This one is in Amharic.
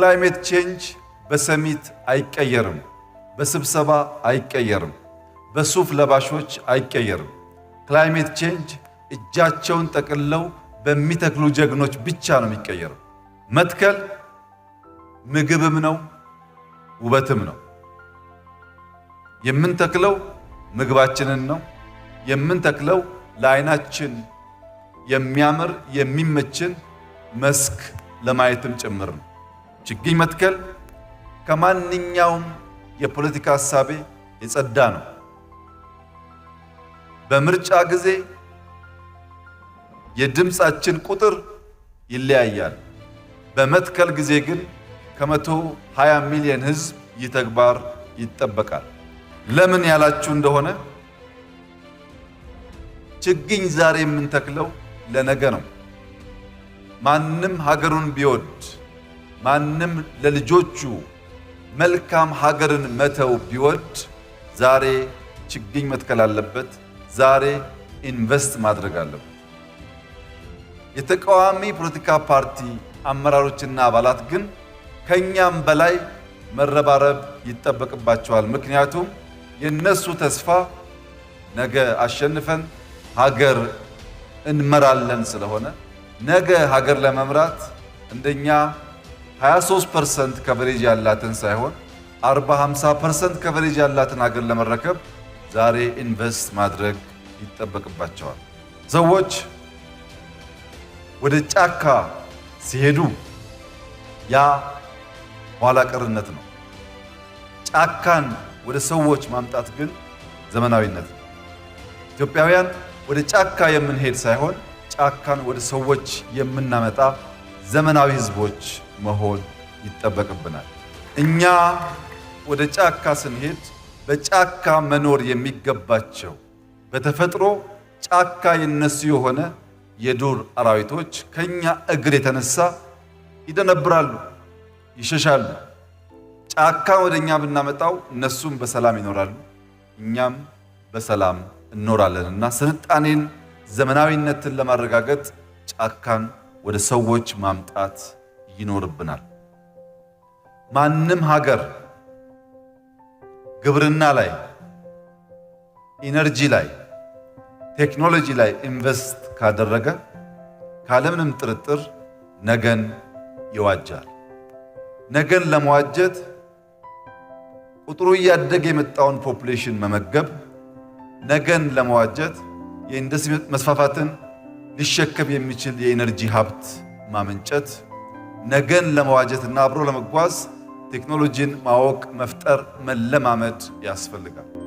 ክላይሜት ቼንጅ በሰሚት አይቀየርም፣ በስብሰባ አይቀየርም፣ በሱፍ ለባሾች አይቀየርም። ክላይሜት ቼንጅ እጃቸውን ጠቅልለው በሚተክሉ ጀግኖች ብቻ ነው የሚቀየረው። መትከል ምግብም ነው ውበትም ነው። የምንተክለው ምግባችንን ነው የምንተክለው ለአይናችን የሚያምር የሚመችን መስክ ለማየትም ጭምር ነው። ችግኝ መትከል ከማንኛውም የፖለቲካ ሀሳቤ የጸዳ ነው። በምርጫ ጊዜ የድምፃችን ቁጥር ይለያያል። በመትከል ጊዜ ግን ከመቶ 20 ሚሊዮን ህዝብ ይህ ተግባር ይጠበቃል። ለምን ያላችሁ እንደሆነ ችግኝ ዛሬ የምንተክለው ለነገ ነው። ማንም ሀገሩን ቢወድ ማንም ለልጆቹ መልካም ሀገርን መተው ቢወድ ዛሬ ችግኝ መትከል አለበት። ዛሬ ኢንቨስት ማድረግ አለበት። የተቃዋሚ ፖለቲካ ፓርቲ አመራሮችና አባላት ግን ከኛም በላይ መረባረብ ይጠበቅባቸዋል። ምክንያቱም የነሱ ተስፋ ነገ አሸንፈን ሀገር እንመራለን ስለሆነ ነገ ሀገር ለመምራት እንደኛ 23 ፐርሰንት ከቨሬጅ ያላትን ሳይሆን 40 50 ፐርሰንት ከቨሬጅ ያላትን ሀገር ለመረከብ ዛሬ ኢንቨስት ማድረግ ይጠበቅባቸዋል። ሰዎች ወደ ጫካ ሲሄዱ ያ ኋላ ቀርነት ነው። ጫካን ወደ ሰዎች ማምጣት ግን ዘመናዊነት ነው። ኢትዮጵያውያን ወደ ጫካ የምንሄድ ሳይሆን ጫካን ወደ ሰዎች የምናመጣ ዘመናዊ ህዝቦች መሆን ይጠበቅብናል። እኛ ወደ ጫካ ስንሄድ በጫካ መኖር የሚገባቸው በተፈጥሮ ጫካ የነሱ የሆነ የዱር አራዊቶች ከኛ እግር የተነሳ ይደነብራሉ፣ ይሸሻሉ። ጫካ ወደ እኛ ብናመጣው እነሱም በሰላም ይኖራሉ፣ እኛም በሰላም እኖራለን እና ስልጣኔን ዘመናዊነትን ለማረጋገጥ ጫካን ወደ ሰዎች ማምጣት ይኖርብናል። ማንም ሀገር ግብርና ላይ፣ ኢነርጂ ላይ፣ ቴክኖሎጂ ላይ ኢንቨስት ካደረገ ካለምንም ጥርጥር ነገን ይዋጃል። ነገን ለመዋጀት ቁጥሩ እያደገ የመጣውን ፖፑሌሽን መመገብ፣ ነገን ለመዋጀት የኢንዱስትሪ መስፋፋትን ሊሸከም የሚችል የኢነርጂ ሀብት ማመንጨት፣ ነገን ለመዋጀት እና አብሮ ለመጓዝ ቴክኖሎጂን ማወቅ፣ መፍጠር፣ መለማመድ ያስፈልጋል።